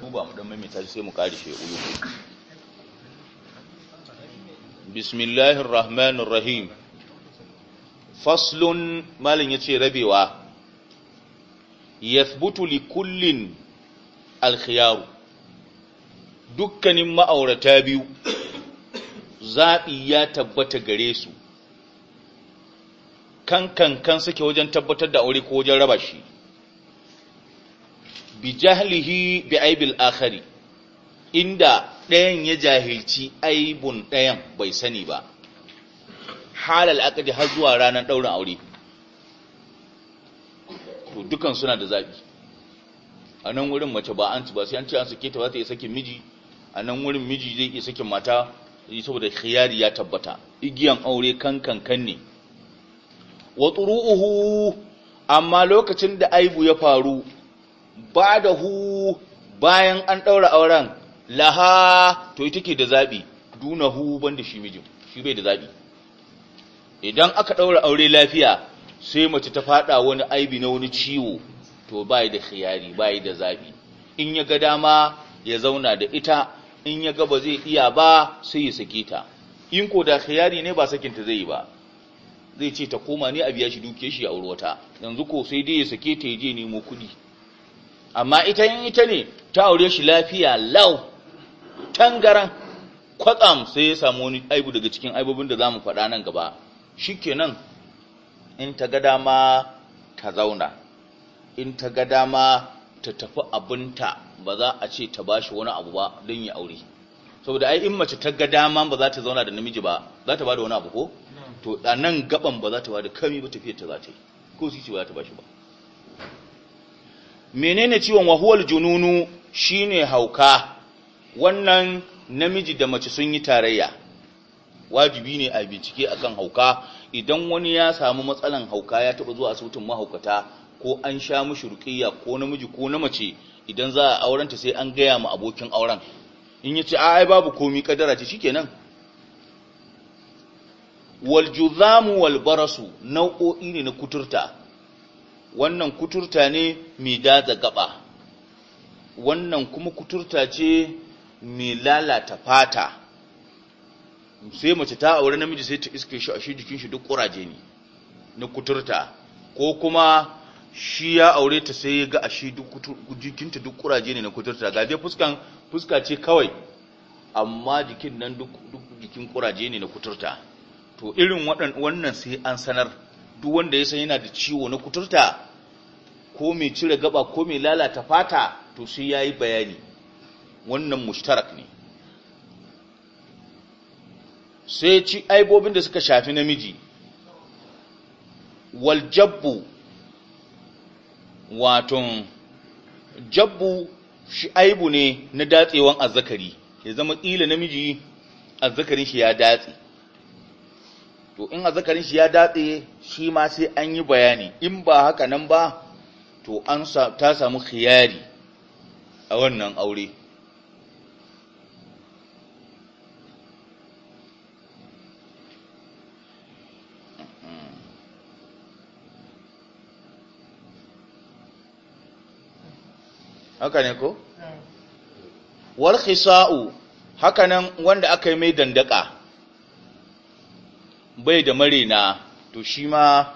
duba bismillahir rahmanir rahim faslun malin yace rabewa yathbutu li kullin alkhiyar dukkanin ma'aurata biyu zaɓi ya tabbata gare su kan kan kan suke wajen tabbatar da aure ko wajen raba shi bi jahlihi bi aibil akhari inda ɗayan ya jahilci aibun ɗayan bai sani ba halal aqdi har zuwa ranar ɗaurin aure to dukan suna da zabi a nan wurin mace ba an ci ba sai an ce an sake ta ba ta saki sakin miji a nan wurin miji zai iya sakin mata saboda khiyari ya tabbata igiyan aure kan kan ne wa turuuhu amma lokacin da aibu ya faru ba da hu bayan an ɗaura auren laha to ita ke da zaɓi duna hu ban da shi mijin shi bai da zaɓi idan aka ɗaura aure lafiya sai mace ta faɗa wani aibi na wani ciwo to bai da khiyari bai da zaɓi in ya ga dama ya zauna da ita in ya ga ba zai iya ba sai ya sake ta in ko da khiyari ne ba sakinta zai yi ba zai ce ta koma ne a biya shi dukiyar shi a wurwata yanzu ko sai dai ya sake ta ya je nemo kuɗi amma ita yin ita ne ta aure shi lafiya lau tangaran kwatsam sai ya samu wani aibu daga cikin aibobin da za mu faɗa nan gaba shi kenan in ta ga dama ta zauna in ta ga dama ta tafi abinta ba za a ce ta ba shi wani abu ba don ya aure saboda ai in mace ta ga dama ba za ta zauna da namiji ba za ta ba da wani abu ko to a nan gaban ba za ta ba da kami ba tafiya ta za ta yi ko su ce ba za ta ba shi ba menene ciwon wahuwal jununu shine hauka wannan namiji da mace sun yi tarayya wajibi ne a bincike akan hauka idan wani ya samu matsalan hauka ya taba zuwa asibitin mahaukata ko an sha mishi ruqiyya ko namiji ko na mace idan za a ta sai an gaya ma abokin auren in yace a ai babu komi kadara ce shikenan wal juzamu wal barasu nau'o'i ne na kuturta wannan kuturta ne mai daza gaba wannan kuma kuturta ce mai lalata fata sai mace ta aure namiji sai ta iske shi a shi jikin shi duk kuraje ne na kuturta ko kuma shi ya aure ta sai ga a shi jikinta duk kuraje ne na kuturta ga dai fuskan fuska ce kawai amma jikin nan duk jikin kuraje ne na kuturta to irin wannan sai an sanar duk wanda ya san yana da ciwo na kuturta ko mai cire gaba ko mai lalata fata to sai yi bayani wannan mushtarak ne sai ci aibobin da suka shafi namiji wal jabbu waton jabbu shi aibu ne na datsewan azzakari ya zama ƙila namiji azzakarin shi ya datse to in azzakarin shi ya datse shi ma sai an yi bayani in ba haka nan ba to an ta samu khiyari a wannan aure haka ne ko? Hmm. wal khisa'u haka nan wanda aka yi mai dandaka bai da marina to shi ma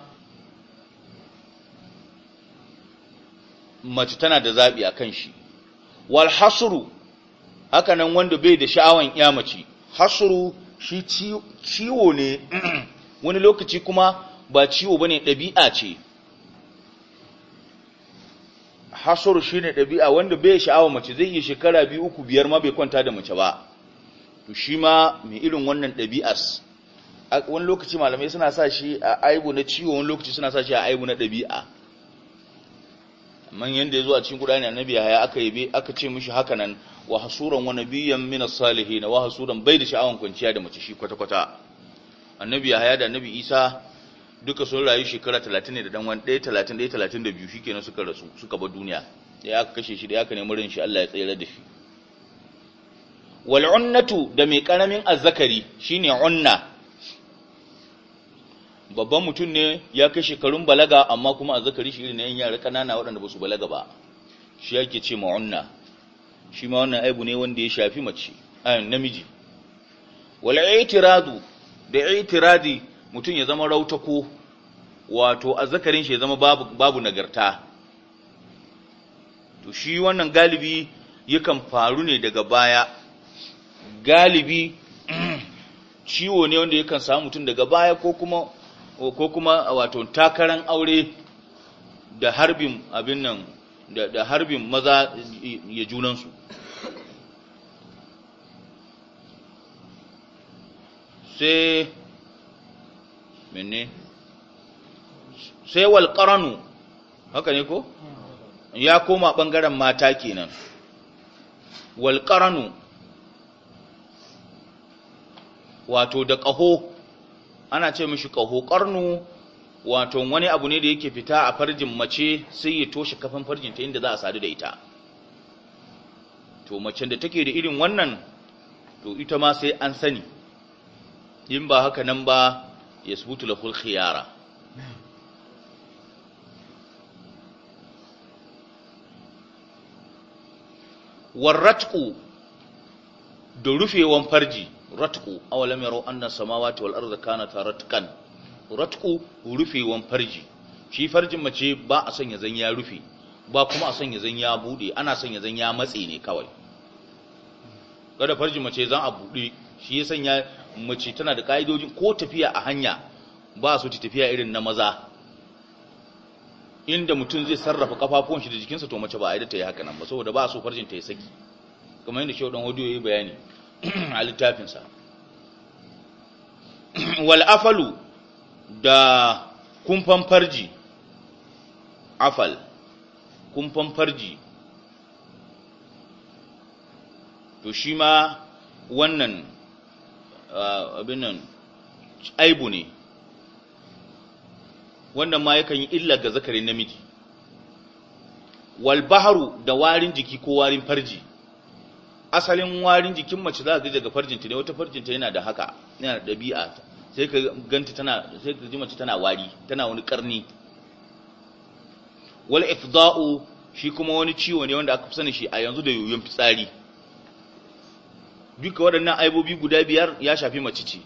mace tana da zaɓi a kan shi wal hasuru haka nan wanda bai da sha'awan ya mace hasuru shi ciwo ne wani lokaci kuma ba ciwo ba ne ɗabi'a ce hasuru shi ne ɗabi'a wanda bai sha'awa mace zai yi shekara biyu uku biyar ma bai kwanta da mace ba to shi ma mai irin wannan ɗabi'as wani lokaci malamai suna sa shi a aibu na ciwo wani lokaci suna sa shi a aibu na ɗabi'a man yanda ya zo a cikin kudani annabi ya haya aka yabe aka ce mishi haka nan wa hasuran wa nabiyyan min as-salihin wa hasuran bai da sha'awan kwanciya da mace shi kwata kwata annabi ya haya da annabi isa duka sun rayu shekara 30 ne da dan wani 1 da 1 32 shikenan suka rasu suka bar duniya Ya aka kashe shi da aka nemi ran shi Allah ya tsayar da shi wal unnatu da mai karamin azzakari shine unna babban mutum ne ya kai shekarun balaga amma kuma a zakari shi ne yan yara kanana waɗanda ba su balaga ba shi yake ce ma'unna shi ma wannan aibu ne wanda ya shafi mace ayin namiji wala itiradu da itiradi mutum ya zama rautako wato a Zakarin shi ya zama babu babu nagarta to shi wannan galibi yakan faru ne daga baya galibi ciwo ne wanda yakan samu mutum daga baya ko kuma ko kuma wato takaran aure da harbin abin nan da harbin maza ya junansu sai mene sai walƙaranu haka ne ko ya koma ɓangaren mata kenan walƙaranu wato da ƙaho ana ce mishi ƙaho ƙarnu wato wani abu ne da yake fita a farjin mace sai ya toshe kafin farjin ta inda za a sadu da ita to macen da take da irin wannan to ita ma sai an sani in ba haka nan ba ya subutu lahul khiyara warratku da rufewan farji ratku awalam yaro anna samawati wal ardi kanat ratkan. ratku rufewan farji shi farjin mace ba a son ya zan ya rufe ba kuma a son ya zan ya bude ana son ya zan ya matse ne kawai kada farjin mace zan a bude shi ya sanya mace tana da ka'idojin ko tafiya a hanya ba su ta tafiya irin na maza inda mutum zai sarrafa kafafuwan shi da jikinsa to mace ba a yi da ta yi haka nan ba saboda ba su farjin ta yi saki kamar yadda shi dan hodiyo yi bayani a littafinsa wal afalu da kumfan farji afal kumfan farji to shi ma wannan abin nan aibu ne wannan ma yakan yi illa ga zakarin namiji wal baharu da warin jiki ko warin farji asalin warin jikin mace za ga daga farjinta ne wata farjinta yana da haka yana da ɗabi'a sai ka ganta tana sai ka ji mace tana wari tana wani karni wal ifda'u shi kuma wani ciwo ne wanda aka fi sani shi a yanzu da yoyon fitsari duka waɗannan aibobi guda biyar ya shafi mace ce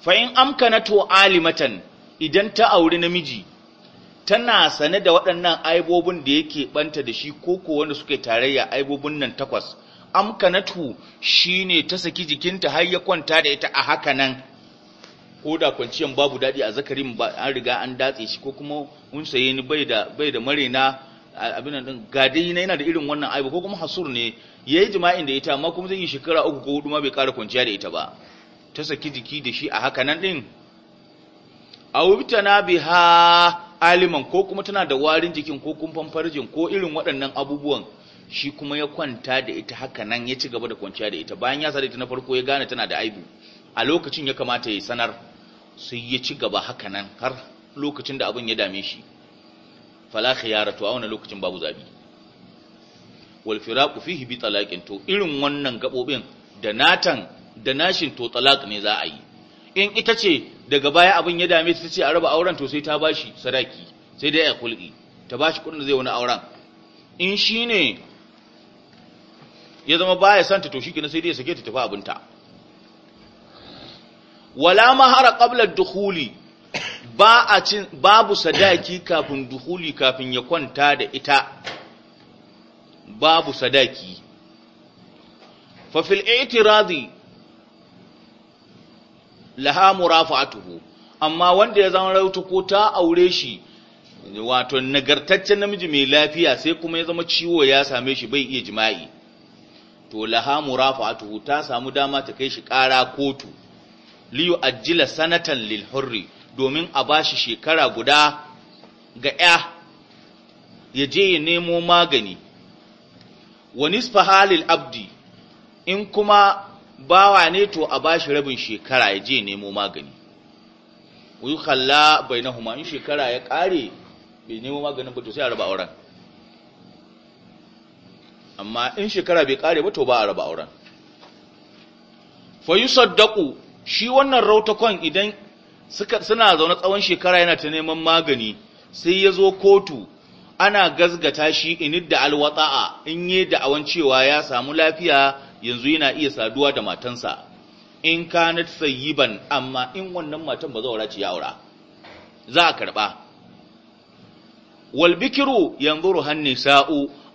fa in amkana to alimatan idan ta auri namiji tana sane da waɗannan aibobin da yake banta da shi ko suka wanda suke tarayya aibobin nan takwas amkanatu ne ta saki jikinta har ya kwanta da ita a haka nan ko da kwanciyan babu daɗi a zakarin ba an riga an datse shi ko kuma mun saye ni bai da bai da marena abin nan ga dai yana da irin wannan aibu ko kuma hasur ne yayi jima'in da ita amma kuma zai yi shekara uku ko hudu ma bai ƙara kwanciya da ita ba ta saki jiki da shi a haka nan din bi ha aliman ko kuma tana da warin jikin ko kumfan farjin ko irin waɗannan abubuwan shi kuma ya kwanta da ita haka nan ya ci gaba da kwanciya da ita bayan ya sare ta na farko ya gane tana da aibu a lokacin ya kamata ya sanar sai ya ci gaba haka nan har lokacin da abin ya dame shi fala khiyara to a wannan lokacin babu zabi wal firaqu fihi bi talaqin to irin wannan gabobin da natan da nashin to talaq ne za a yi in ita ce daga baya abin ya dame ta ce a raba auren to sai ta bashi sadaki sai dai ya kulki ta bashi kudin da zai wani auren in shine ya zama baya santa to shikenan sai dai ya sake ta tafi abinta wala mahara qabla dukhuli ba a cin babu sadaki kafin dukhuli kafin ya kwanta da ita babu sadaki fa fil i'tirazi laha murafa'atuhu amma wanda ya zama rautu ko ta aure shi wato nagartaccen namiji mai lafiya sai kuma ya zama ciwo ya same shi bai iya jima'i to laha murafa'atuhu ta samu dama ta kai shi ƙara kotu liyu ajjila sanatan lil hurri domin a bashi shekara guda ga ya ya je ya nemo magani wa nisfa halil abdi in kuma bawa ne to a bashi rabin shekara ya je nemo magani wuyi kalla bai na in shekara ya ƙare bai nemo maganin ba to sai a raba auren amma in shekara bai ƙare ba to ba a raba auren fa saddaku shi wannan rautakon idan suna zaune tsawon shekara yana ta neman magani sai ya zo kotu ana gazgata shi inid da alwata'a in yi da awancewa ya samu lafiya yanzu yana iya saduwa da matansa in kanat sayyiban amma in wannan matan ba zaura ci ya aura za a karba wal bikru yanzuru hanni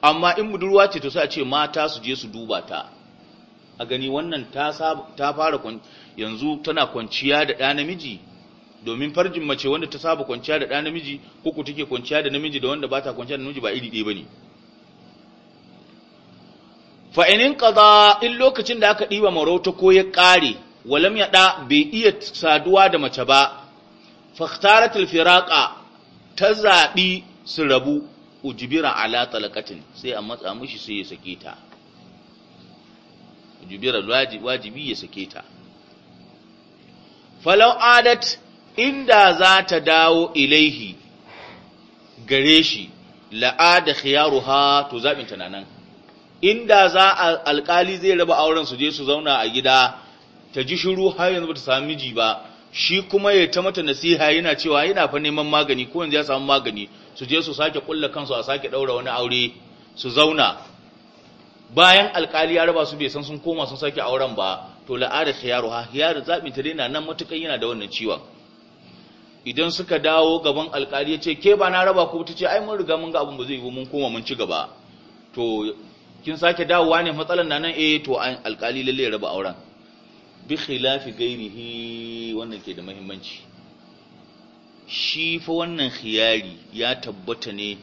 amma in budurwa ce to sai a ce mata su je su duba ta a gani wannan ta ta fara yanzu tana kwanciya da ɗa namiji domin farjin mace wanda ta saba kwanciya da ɗa namiji ko ku take kwanciya da namiji da wanda ba ta kwanciya da namiji ba iri ɗaya bane fa'inin ƙaza in lokacin da aka ɗiba maroto ko ya ƙare walam ya ɗa bai iya saduwa da mace ba fahtaratul firaƙa ta zaɓi su rabu ujibira ala talakatin sai a matsa mushi sai ya sake ta ujibira wajibi ya sake ta Falon adat inda za ta dawo ilaihi gare shi la'ada khiyaruha to zaɓinta na nan inda za a alkali zai raba auren su je su zauna a gida ta ji shiru har yanzu ba ta sami miji ba shi kuma ya ta mata nasiha yana cewa yana fa neman magani ko yanzu ya samu magani su je su sake kulla kansu a sake daura wani aure su zauna bayan alkali ya raba su bai san sun koma sun sake auren ba to la'ada khiyaru ha khiyaru zabi ta daina nan matukan yana da wannan ciwon idan suka dawo gaban alkali ya ce ke ba na raba ku ta ce ai mun riga mun ga abun ba zai yi mun koma mun ci gaba to kin sake dawowa ne matsalan na nan eh to an alkali lalle raba auren bi khilafi gairihi wannan ke da muhimmanci shi fa wannan khiyari ya tabbata ne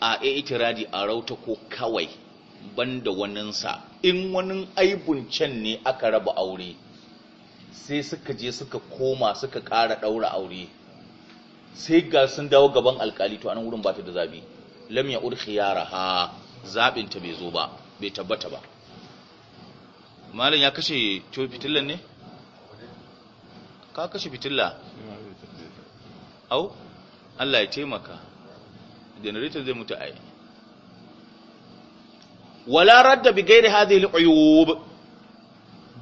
a itiradi a rauta ko kawai banda waninsa in wani aibun can ne aka raba aure sai suka je suka koma suka ƙara ɗaura aure sai ga sun dawo gaban alkali to anan wurin ba ta da zabi lam ya'ud raha. zaɓinta bai zo ba bai tabbata ba malam ya kashe cewa fitillan ne ka kashe fitilla au Allah ya taimaka generator zai mutu ai wala radda bi gairi hadin al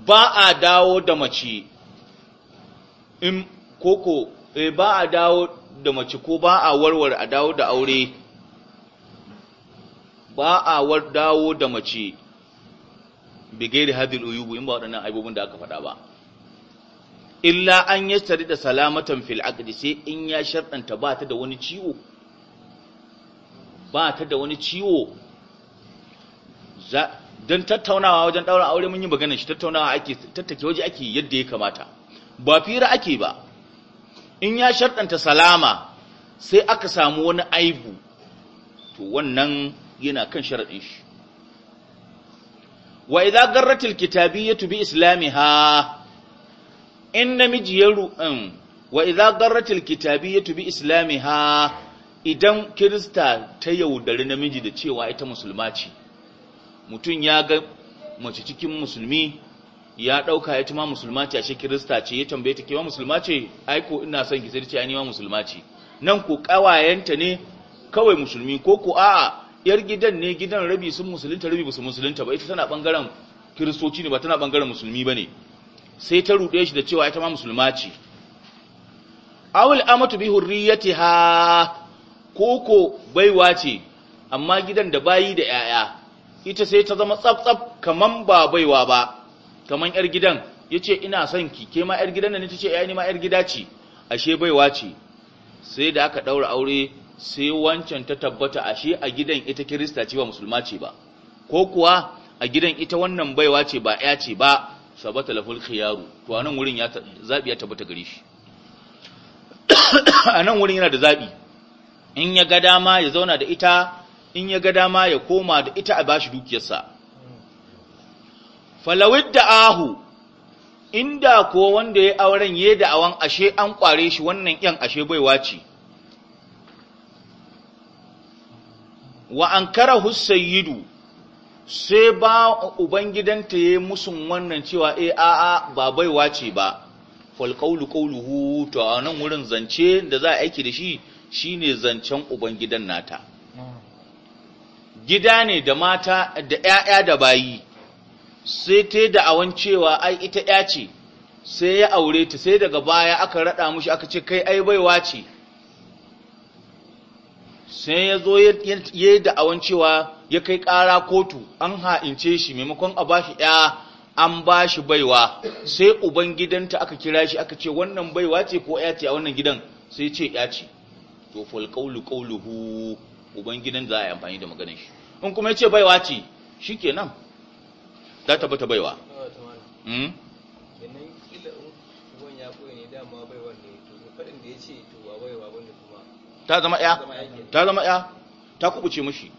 ba a dawo da mace in koko eh, ba a dawo da mace ko ba a warware a dawo da aure ba a war dawo da mace da hadil uyubu in ba waɗannan aibubun da aka faɗa ba illa an yi tsari da salamatan fil aqdi sai in ya sharɗanta ba ta da wani ciwo ba ta da wani ciwo don tattaunawa wajen ɗaura aure mun yi maganar shi tattaunawa ake tattake waje ake yadda ya kamata ba fira ake ba in ya sharɗanta salama sai aka samu wani aibu to wannan yana kan sharaɗin shi wa idza garratil kitabiyatu bi islamiha in namiji ya ru'an wa idza garratil kitabiyatu bi islamiha idan kirista ta yaudari namiji da cewa ita musulma ce mutum ya ga mace cikin musulmi ya ɗauka ita ma musulma ce ashe kirista ce ya tambaye ta kewa musulma ce ai ko ina son ki sai ce ai ni ma musulma ce nan ko kawayenta ne kawai musulmi ko ko a'a yar gidan ne gidan rabi sun musulunta rabi ba su musulunta ba ita tana bangaren kiristoci ne ba tana bangaren musulmi ba ne sai ta ruɗe shi da cewa ita ma musulma ce awul amatu bi hurriyatiha koko baiwa ce amma gidan da bayi da yaya ita sai ta zama tsaf-tsaf kaman ba baiwa ba kaman yar gidan yace ina son ki ke ma yar gidan da ne tace ne ma yar gida ce ashe baiwa ce sai da aka daura aure sai wancan ta tabbata ashe a gidan ita kirista ce ba musulma ce ba ko kuwa a gidan ita wannan baiwa ce ba ya ce ba sabata laful khiyaru to anan wurin ya zabi ya tabbata gare shi anan wurin yana da zabi in ya ga dama ya zauna da ita in ya ga dama ya koma da ita a bashi dukiyarsa sa da ahu inda ko wanda ya auren ya da awan ashe an kware shi wannan yan ashe baiwa ce wa an kara hussayidu sai ba ubangidanta yayi musun wannan cewa a eh, a'a ba baiwa ce ba falkaulu qawlu to a nan wurin zance da za a aiki da shi shine zancen ubangidan nata gida ne da mata da 'ya'ya da bayi sai ta da awan cewa ai ita ƴa ce sai ya aure ta sai daga baya aka rada mushi aka ce kai ai baiwa ce sai ya zo ya yi da'awan cewa ya kai ƙara kotu an ha'ince shi maimakon a bashi ɗaya an bashi baiwa sai uban gidanta aka kira shi aka ce wannan baiwa ce ko ya ce a wannan gidan sai ce ya ce to fal qawlu qawluhu uban gidan za a yi amfani da maganin shi in kuma ya ce baiwa ce shi ke nan, za ta bata baiwa hmm? ya ne to da ya ce to baiwa kuma ta zama ya ta zama ya ta kubuce mushi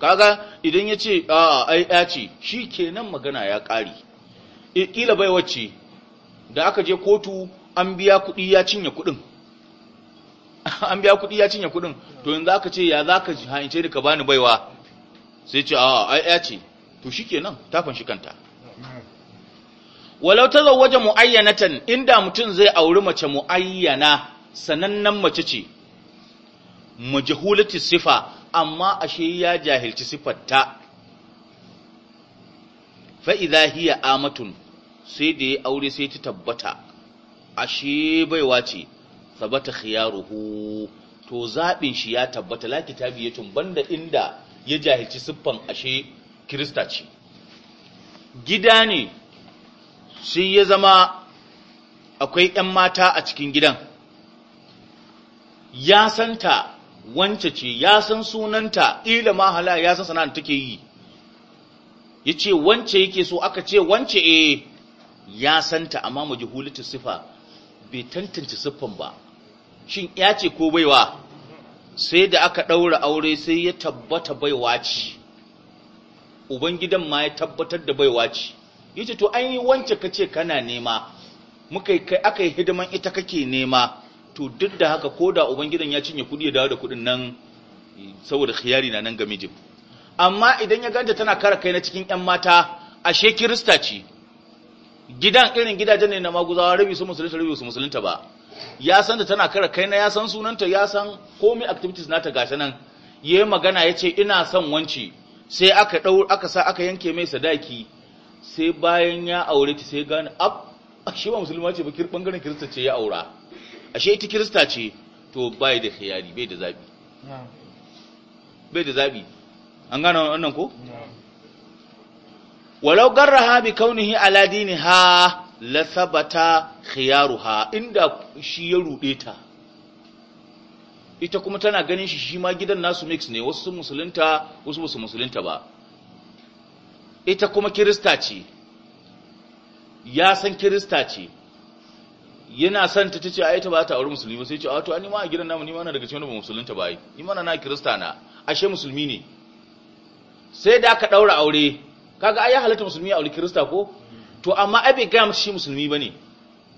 kaga idan ya ce a ai ya ce shi kenan magana ya E, ikila bai wacce da aka je kotu an biya kuɗi ya cinye kuɗin an biya kuɗi ya cinye kuɗin to yanzu aka ce ya za ka hance ka bani baiwa sai ce a ai ya ce to shi nan, ta fanshi kanta walau ta zauwaje mu'ayyanatan inda mutum zai auri mace mu'ayyana sanannen mace ce majahulati sifa amma ashe ya jahilci sifarta fa idha hiya amatun sai da ya aure sai ta tabbata ashe baiwa ce sabata khiyaruhu to zabin shi ya tabbata la kitabiyatun banda inda ya jahilci siffan ashe kirista ce gida ne sai ya zama akwai 'yan mata a cikin gidan ya santa wance ce ya san sunanta ƙila ma hala ya san sana'ar take yi yace wance yake so aka ce wance e ya santa amma mu ta sifa bai tantance siffan ba shin ya ce ko baiwa sai da aka ɗaura aure sai ya tabbata baiwa ce ubangidan ma ya tabbatar da baiwa ce yace to an wance kace kana nema muka kai aka yi hidiman ita kake nema to duk da haka ko da ubangidan ya cinye kuɗi ya dawo da kuɗin nan saboda khiyari na nan ga mijin amma idan ya ganta tana kara kai na cikin ƴan mata ashe kirista ce gidan irin gidajen ne na maguzawa rabi su musulunta rabi su musulunta ba ya san da tana kara kai na ya san sunanta ya san komai activities nata gashi nan yayi magana yace ina son wanci sai aka dau aka sa aka yanke mai sadaki sai bayan ya aure ta sai gane ab shi ba musulma ce ba kirban bangaren kirista ce ya aura ashe ita kirista ce to bai da khiyari bai da zabi bai da zabi an gane wannan ko walau garraha bi kaunihi ala diniha la sabata khiyaruha inda shi ya rude ta ita kuma tana ganin shi shi ma gidan nasu mix ne wasu musulunta wasu musu musulunta ba ita kuma kirista ce ya san kirista ce yana son ta tace ai ta ba ta aure musulmi sai ce a ah, to ni ma a gidan namu ni ma na daga cikin ba musulmin ba bai ni ma na kirista na ashe musulmi ne sai da aka daura aure kaga ai ya halatta musulmi ya aure kirista ko to amma ai bai ga shi musulmi bane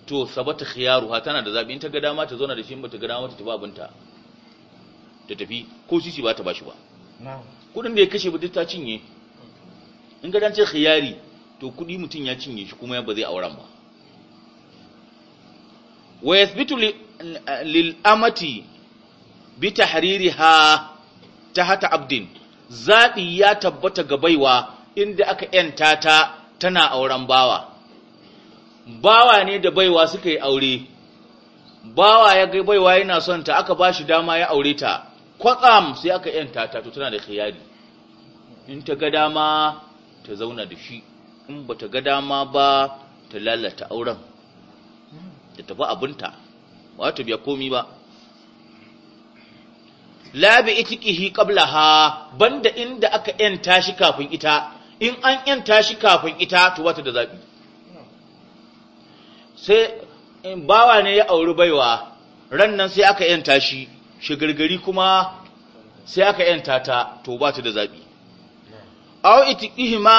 to sabata ha tana da zabi in ta ga dama ta zauna da shi in bata ga dama ta tafi abinta ta tafi ko shi ba ta bashi ba kudin da ya kashe budi ta cinye in ga dan ce khiyari to kudi mutun ya cinye shi kuma ya ba zai auren ba wa yathbitu lil amati bi tahririha hata abdin zabi ya tabbata ga baiwa inda aka yanta ta tana auren bawa bawa ne da baiwa suka yi aure bawa ya ga baiwa yana son ta aka bashi dama ya aure ta kwatsam sai aka yanta ta to tana da khiyari in ta ga dama ta zauna da shi in bata ga dama ba ta lalata auren ta tafi abinta ba ta biya komi ba labi itiqihi qablaha banda inda aka yanta shi kafin ita in an yanta shi kafin ita to wata da zabi sai in bawa ne ya auri baiwa ran nan sai aka yanta shi shigirgiri kuma sai aka yanta ta to ba ta da zabi aw ma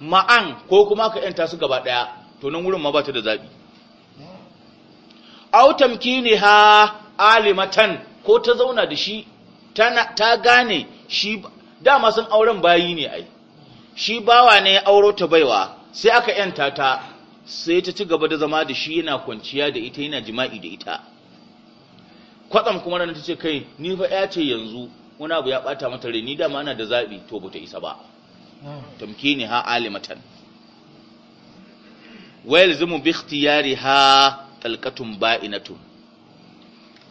ma'an ko kuma aka yanta su gaba daya to nan wurin ma ba ta da zabi Au tamkini ha alimatan ko ta zauna da shi ta gane shi dama sun auren bayi ne ai shi bawa ne ya auro ta baiwa sai aka yanta ta sai ta ci gaba da zama da shi yana kwanciya da ita yana jima'i da ita kwatsam kuma ranar ta ce kai ni fa ya ce yanzu wani abu ya bata mata rai ni dama ana da zaɓi to ta isa ba tamkini ha alimatan wa yalzimu bi ha. talqatun bainatu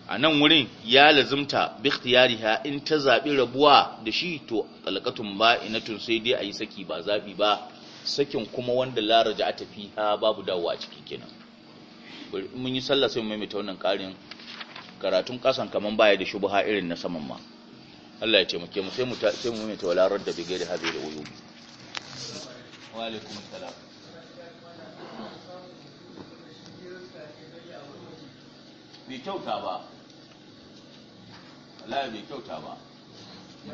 a nan wurin ya lazimta bi ikhtiyariha in ta zabi rabuwa da shi to talqatun bainatu sai dai a yi saki ba zabi ba sakin kuma wanda la raja'a fiha babu dawowa cikin kenan mun yi sallah sai mu maimaita wannan karin karatun kasan kaman baya da shubha irin na saman ma Allah ya taimake mu sai mu sai mu maimaita wala radda bi ghairi hadhihi da wuyu wa alaikumus salam bai kyauta ba wallahi bai kyauta ba